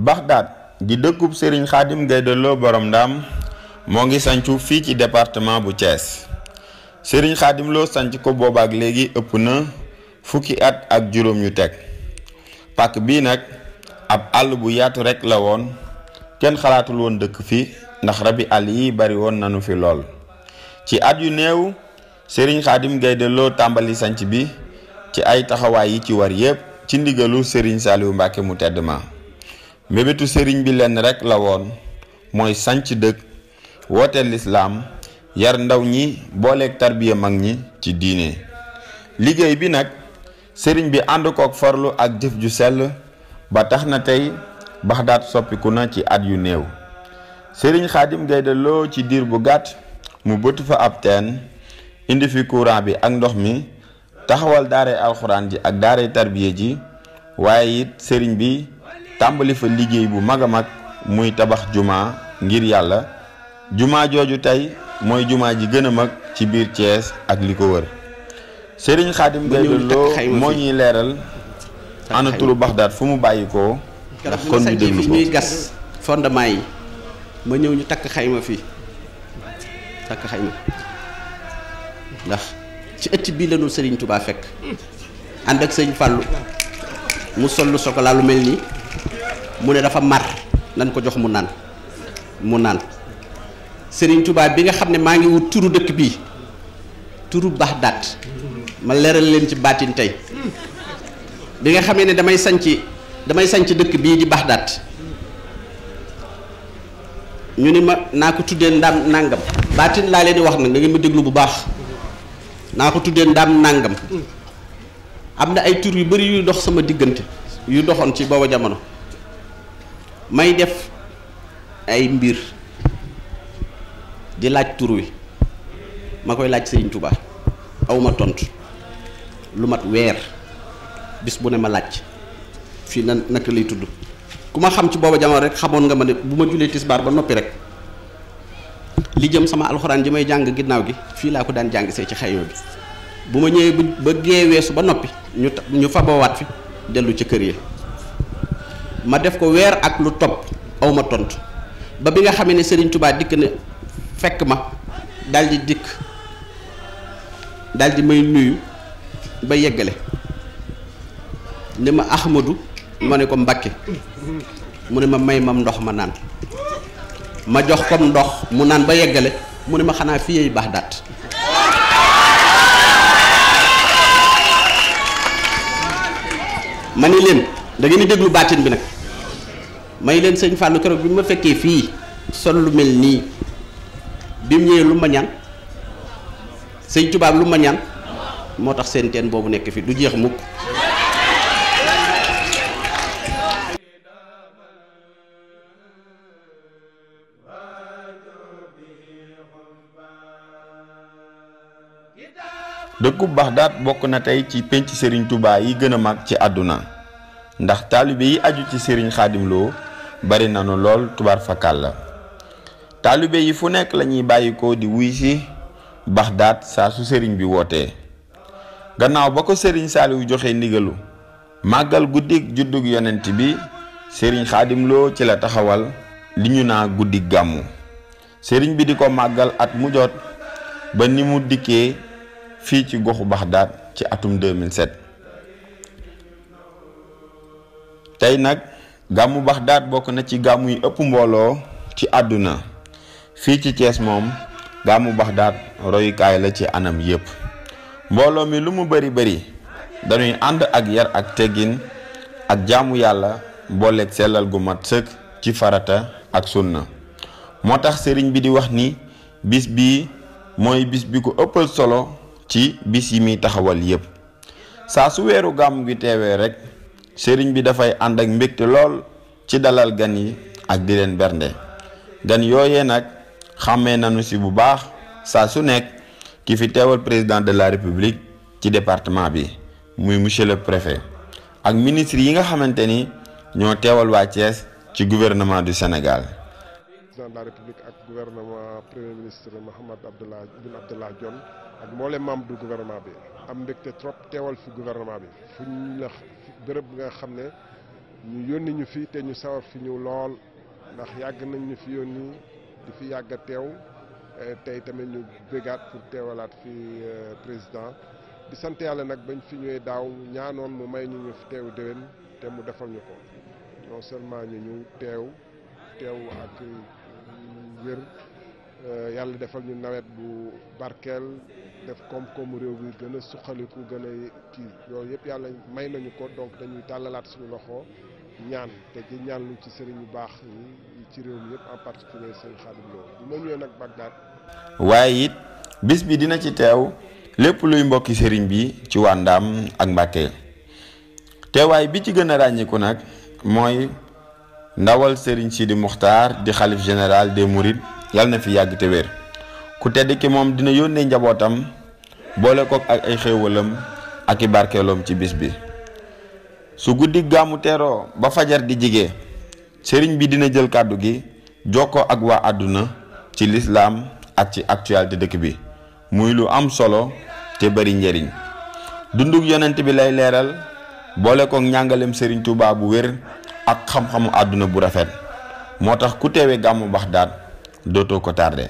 Baxdaad di dëkku sëriñ Khadim Gaïndé Lô borom ndam moo ngi sancu fii ci département bu cees sëriñ Khadim Lô ko booba ak léegi ëpp na fukki at ak juróom yu teg pàkk bii nag ab àll bu yaatu rekk la woon kenn xalaatul woon dëkk fi ndax rabi àll yi bari woon nanu fi lool ci at yu néew sëriñ Khadim Gaïndé Lô tàmbali sanc bi ci ay taxawaay yi ci war yépp ci ndigalu Serigne Saliou Mbacke mu tedd ma mbébétu sëriñ bi lenn rekk la woon mooy sanc dëkk woote lislaam yar ndaw ñi booleeg tarbiya mag ñi ci diine liggéey bi nag sëriñ bi ànd kook farlu ak jëf ju sell ba tax na tey baxdaat soppiku na ci at yu néew sëriñ xaadim gaynde loo ci diir bu gàtt mu bët fa ab teen indi fi courant bi ak ndox mi taxawal daaray alxuraan ji ak daaray tarbiya ji waaye it sëriñ bi tàmbali fa liggéey bu mag a mag muy tabax jumaa ngir yàlla jumaa jooju tey mooy jumaa ji gën a mag ci biir Thiès ak li ko wër Serigne Khadim Gaynde Lo moo ñuy leeral ana turu Baxdaad fu mu bàyyi ko kon ñu déglu ko ñuy gas fondement yi ma ñëw ñu takk xayma fi takk xayma ndax ci ëtt bi lañu Serigne Touba fekk ànd ak sëñ Fallou mu sol lu sokolaa lu mel nii mu ne dafa mar nañ ko jox mu naan mu naan Serigne tubaab bi nga xam ne maa ngi wut turu dëkk bii turu Baxdaat ma leeral leen ci baatin tey bi nga xamee ne damay sanc damay sanc dëkk bii di Baxdaat ñu ni ma naa ko tuddee ndam nàngam baatin laa leen di wax na da ngeen ma déglu bu baax naa ko tuddee ndam nàngam am na ay tur yu bari yuy dox sama diggante yu doxoon ci booba jamono may def ay mbir di laaj tur wi ma koy laaj Serigne tubaa awma tontu lu mat weer bis bu ne ma laaj fii nan naka lay tudd ku ma xam ci booba jamono rek xamoon nga ma ne bu ma julee tisbaar ba noppi rek li jëm sama alxuraan ji may jàng ginnaaw gi fii laa ko daan jàng see ci xayma bi bu ma ñëwee ba geeweesu ba noppi ñu ñu fabawaat fi dellu ci kër yi ma def ko weer ak lu topp awma ma tontu ba bi nga xamee ni Serigne Touba dikk na fekk ma daldi dikk daldi may nuyu ba yeggale ni ma Ahmadou ma ne ko Mbàkke mu ne ma may mam ndox ma naan ma jox comme ndox mu naan ba yeggale mu ne ma xanaa fii yeey baax daat ma ni leen da ngeen di déglu baatin bi nag may leen sëñ Fallou keroog bi ma fekkee fii sol lu mel nii bi mu lu ma ñaan sëñ tubaab lu ma ñaan moo tax seen teen boobu nekk fii du jeex mukk dëkkub Baxdaad bokk na tey ci penc Serigne Touba yi gën a mag ci àdduna ndax taalibe yi aju ci sëriñ xaadim loo bari nanu lool tubaar fakal la taalibe yi fu nekk lañuy bàyyi ko di wuy si baxdaat saa su sëriñ bi wootee gannaaw ba ko sëriñ saaliwu joxe ndigalu màggal guddig juddug yonent bi sëriñ xaadimloo ci la taxawal li ñu naa guddig gàmmu sëriñ bi di ko màggal at mu jot ba ni mu dikkee fii ci goxu baxdaat ci atum 2007 tey nag gàmmu Baxdaad bokk na ci gàmmu yi ëpp mbooloo ci àdduna fii ci Thiès moom gàmmu Baxdaad royukaay la ci anam yépp mbooloo mi lu mu bari bari dañuy ànd ak yar ak teggin ak jaamu yàlla booleeg sellal gu mat sëkk ci farata ak sunna moo tax sëriñ bi di wax ni bis bii mooy bis bi ko ëppal solo ci bis yi muy taxawal yépp saa su weeru gàmmu gi teewee rekk sëriñ bi dafay ànd ak mbégte lool ci dalal gan yi ak di leen bernde gan yooyee nag xàmmee nañu si bu baax saa su nekk ki fi teewal président de la république ci département bi muy monsieur le préfet ak ministre yi nga xamante ni ñoo teewal waa Thiès ci gouvernement du Sénégal. président de la république ak gouvernement premier ministre Mahammed Abdallah Boun Abdallah ak mboolem membre du bi am mbégte trop teewal fi gouvernement bi bërëb nga xam ne ñu yónni ñu fi te ñu sawar fi ñëw lool ndax yàgg nañ ñu fi yónni di fi yàgg a teew eh, tey tamit ñu bégaat pour teewalaat fi eh, président di sant yàlla nag bañ fi ñëwee daaw ñaanoon mu may ñu ñu fi teew déwén te mu defal ñu ko non seulement ñu ñu teew teew ak mm, wér eh, yàlla defal ñu nawet bu barkeel def koom-koomu réew mi gën a suqaliku gën a kii yooyu yëpp yàlla may nañu ko donc dañuy tàllalaat suñu loxo ñaan te di ñaan lu ci sëriñ yu baax yi ci réew mi yëpp en particulier seen Xaadim Lo bu ma ñëwee nag Bagdad waaye it bis bi dina ci teew lépp luy mbokki sëriñ bi ci ak Mbàkke teewaay bi ci gën a ràññiku nag mooy ndawal sëriñ Sidi Muxtaar di xalif général de Mourides yàlla na fi yàgg te ku tedd ki moom dina yónnee njabootam boole kook ak ay xéewalam ak i barkeeloom ci bis bi su guddi gàmmu teroo ba fajar di jige sëriñ bi dina jël kàddu gi jokkoo ak waa àdduna ci lislaam ak ci actualité dëkk bi muy lu am solo te bari njariñ dunduk yonent bi lay leeral boole kook njàngaleem sëriñ Tuubaa bu wér ak xam-xamu àdduna bu rafet moo tax ku teewee gàmmu Baxdaad dootoo ko tardé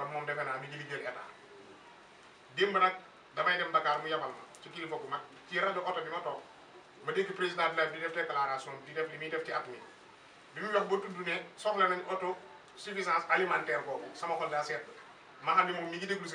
kon moom defe naa mi ngi liggéeyal état démb nag damay dem Dakar mu yebal ma ci kilifa gu mag ci rajo oto bi ma toog ma dégg président de la di def déclaration di def li muy def ci at bi mu wax ba tudd ne soxla nañ auto suffisance alimentaire boobu sama xol daa seet ma xam ne moom mi ngi déglu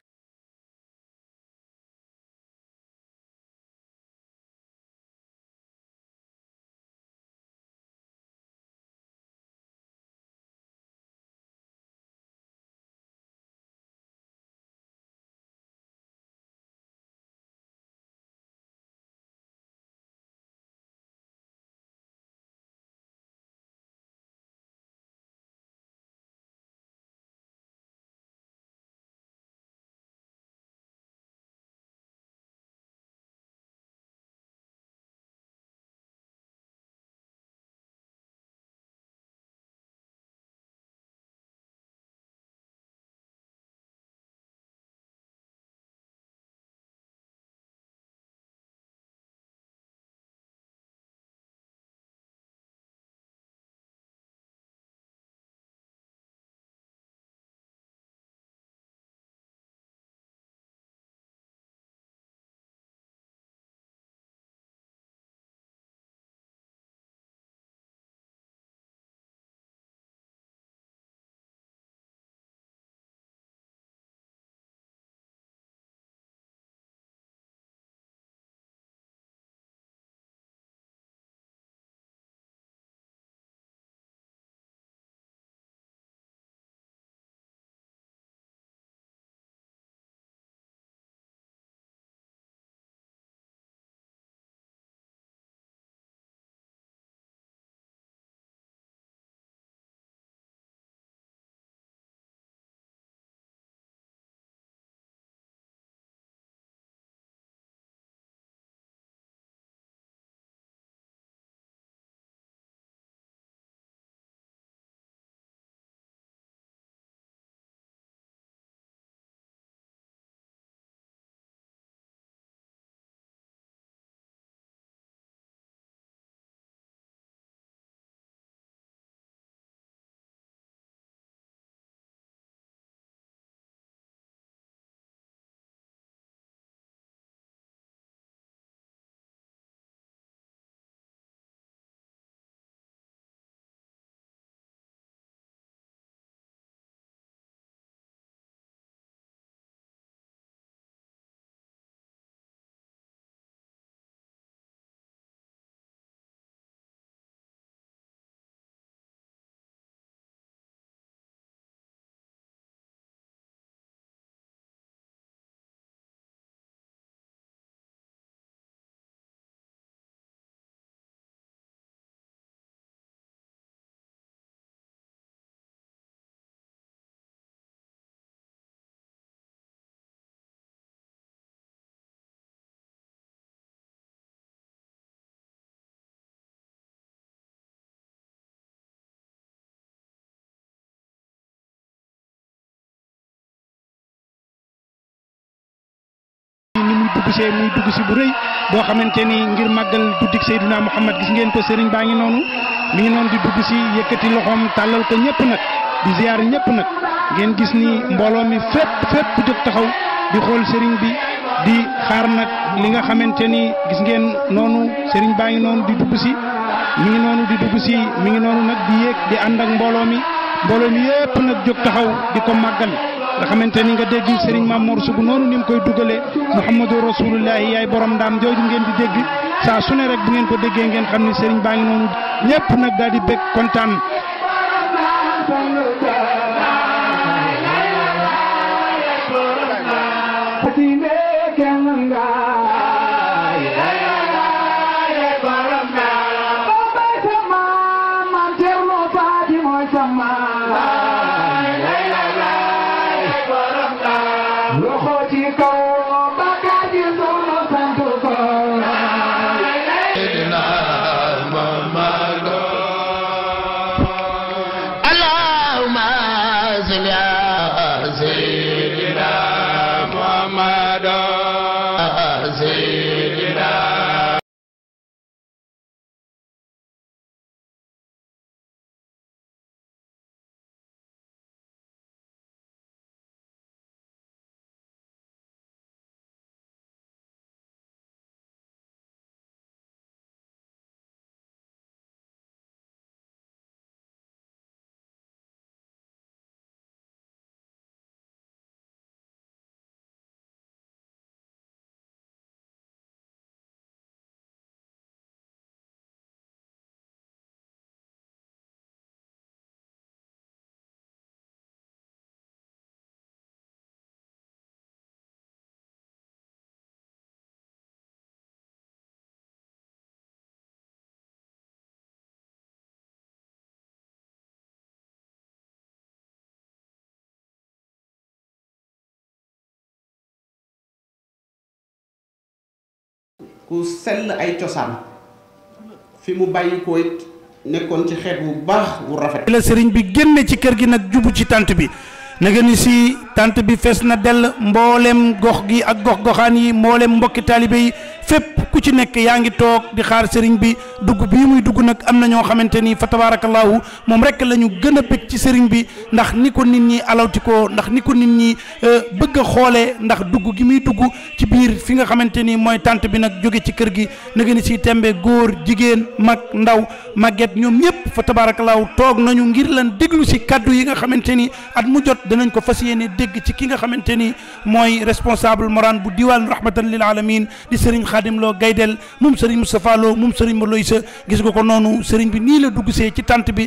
gisee muy dugg si bu rëy boo xamante ni ngir màggal guddik Seydina Muhammad gis ngeen ko sëriñ baa ngi noonu mi ngi noonu di dugg si yëkkati loxoom tàllal ko ñëpp nag di ziyaar ñëpp nag ngeen gis ni mbooloo mi fépp fépp jóg taxaw di xool sëriñ bi di xaar nag li nga xamante ni gis ngeen noonu sëriñ baa ngi noonu di dugg si mi ngi noonu di mi ngi noonu nag di yéeg di ànd ak mbooloo mi mbooloo mi yëpp nag jóg taxaw di ko màggal nga xamante ni nga dégg Serigne Mamour Sougou noonu ni mu koy dugalee Mouhamadou Rasulullahi yaay borom ndaam jooju ngeen di dégg saa su ne rek bu ngeen ko déggee ngeen xam ni Serigne baa ngi noonu ñëpp nag daal di bég kontaan. ku sell ay cosaan fi mu bàyyi ko nekkoon ci xeet bu baax bu rafet. la sëriñ bi génne ci kër gi nag jubu ci tànt bi na nga si tant bi fees na dell mboolem gox gi ak gox goxaan yi mboolem mbokki taalibe yi. fépp ku ci nekk yaa ngi toog di xaar sëriñ bi dugg bi muy dugg nag am na ñoo xamante ni fa tabaarakallaahu moom rek la ñu gën a bëgg ci sëriñ bi ndax ni ko nit ñi alawtikoo ndax ni ko nit ñi euh, bëgg a xoolee ndax dugg gi muy dugg ci biir fi nga xamante ni mooy tànt bi nag jóge ci kër gi na si tembe góor jigéen mag ndaw màgget ñoom ñëpp fa tabaarakallaahu toog nañu ngir lan déglu si kaddu yi nga xamante ni at mu jot danañ ko fas yéene dégg ci ki nga xamante ni mooy responsable moran bu diwaan rahmatan lil alamin di sëriñ xaadim loo gaydel moom sëriñ Moustapha Lo moom sëriñ Maloy sa gis nga ko noonu sëriñ bi nii la dugg see ci tant bi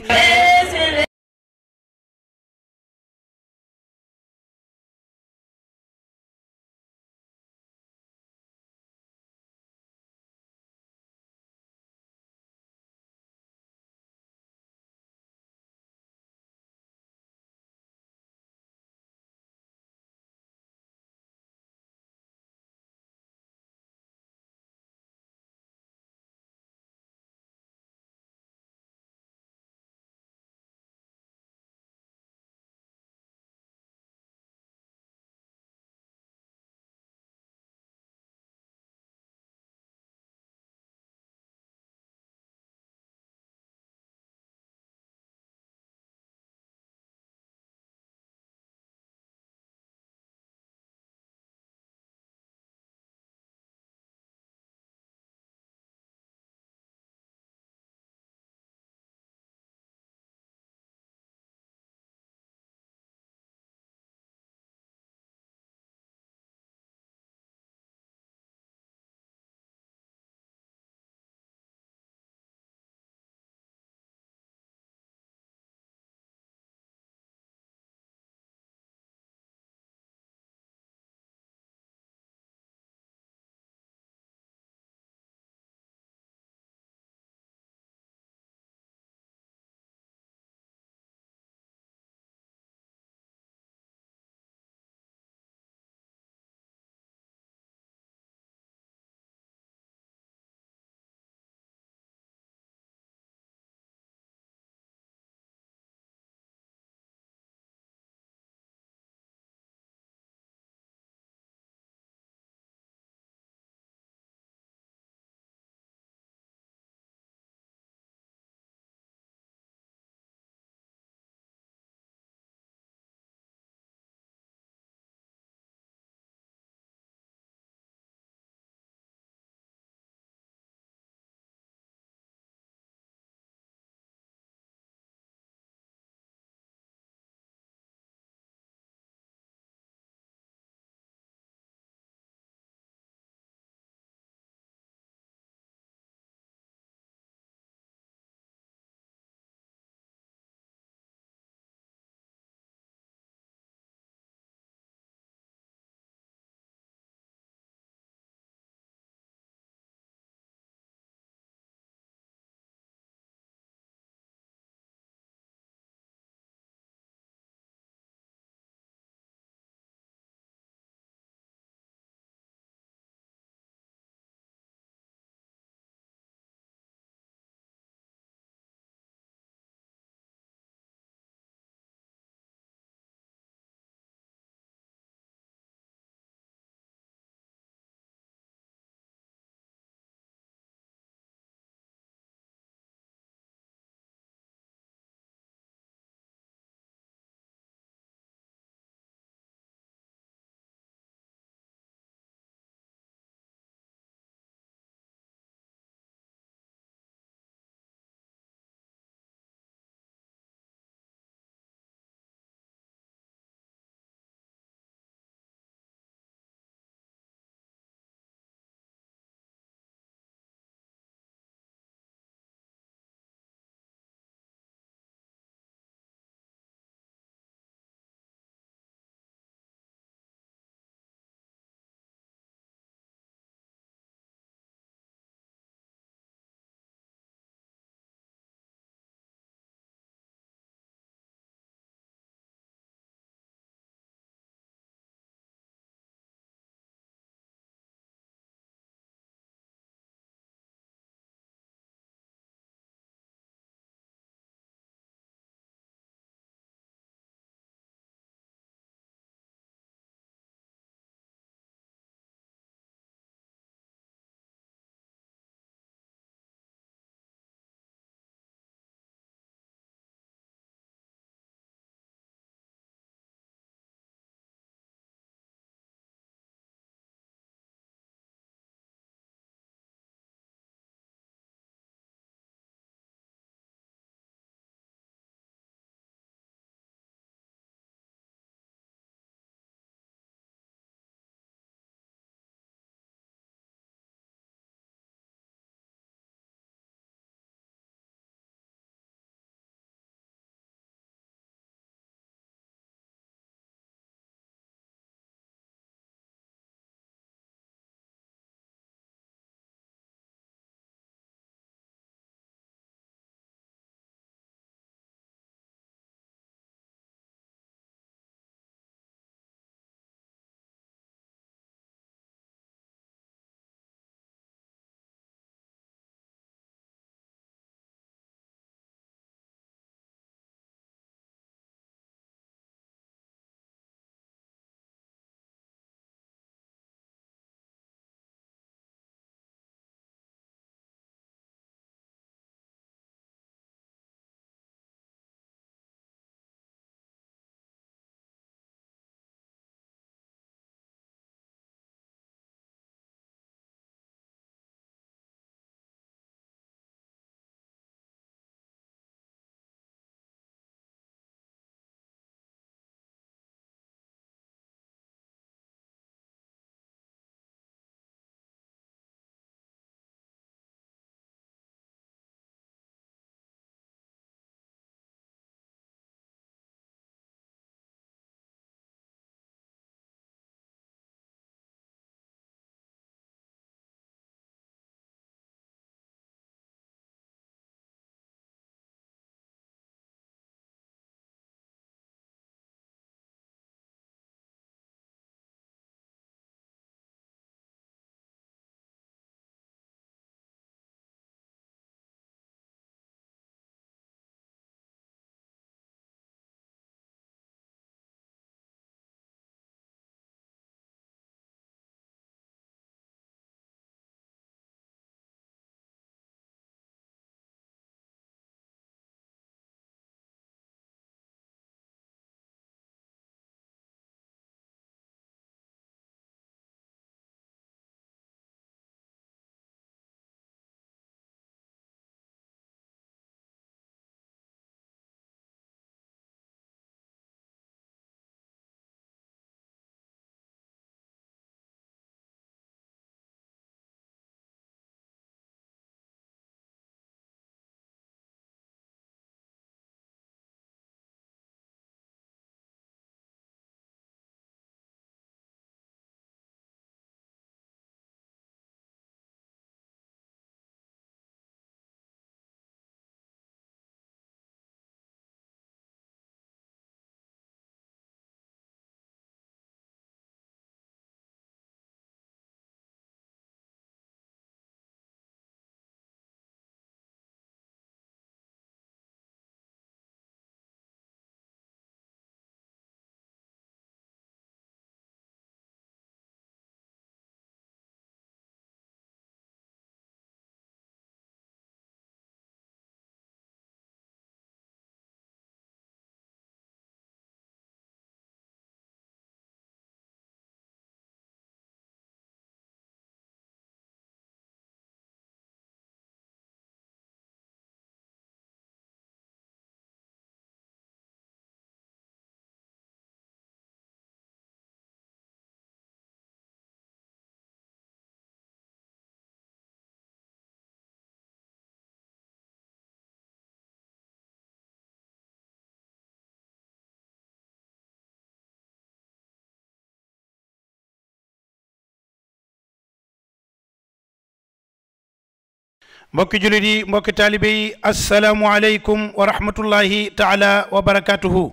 mbokki jullit yi mbokki taalibe yi asalaamualeykum wa rahmatullahi taala wa barakatuhu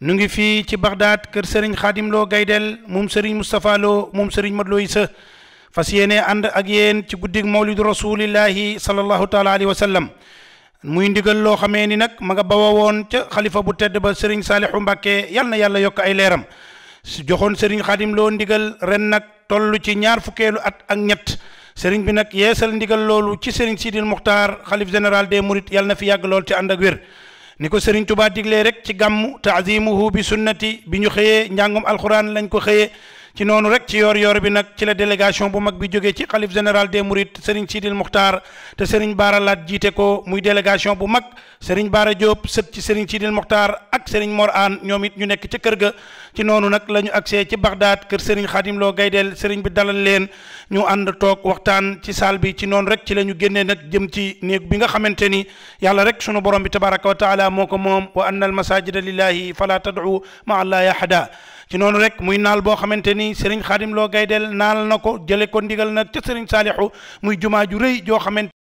nu ngi fii ci Bagdad kër Serigne Khadim Lo Gaydel moom Serigne Moustapha Lo moom Serigne Modou Lo Issa fas yéene ànd ak yéen ci guddig mawlidu rasulillahi sallallahu taala alayhi wa sallam muy ndigal loo xamee ni nag ma nga bawa woon ca xalifa bu tedd ba Serigne Salihu Mbacke yal na yàlla yokk ay leeram joxoon Serigne Khadim Lo ndigal ren nag toll ci ñaar fukkeelu at ak ñett sëriñ bi nag yeesal ndigal loolu ci sëriñ Sidil Muxtaar xalif général des Mourides yàlla na fi yàgg lool te ànd ak ni ko sëriñ Tubaa diglee rek ci gàmm taazimuhu bi sunnati bi ñu xëyee njàngum alxuraan lañ ko xëyee ci noonu rek ci yoor yoor bi nag ci la délégation bu mag bi jógee ci xalif général de des Mourides Serigne Sidil Mokhtar te Serigne Baara Laat jiite ko muy délégation bu mag Serigne Baara Diop sët ci Serigne Sidil ak Serigne Mor An ñoom it ñu nekk ca kër ga ci noonu nag la ñu agsee ci Bagdad kër Serigne Khadim Lo Gaydel Serigne bi dalal leen ñu ànd toog waxtaan ci saal bi ci noonu rek ci la ñu génnee nag jëm ci néeg bi nga xamante ni yàlla rek sunu borom bi tabaraka wa taala moo ko moom wa anna al masajida lillahi fala tad'u ma allahi ahada ci noonu rek muy naal boo xamante ni Serigne Khadim gay Gaydel naal na ko jële ko ndigal na ca Serigne Saliou muy jumaa ju réy joo xamante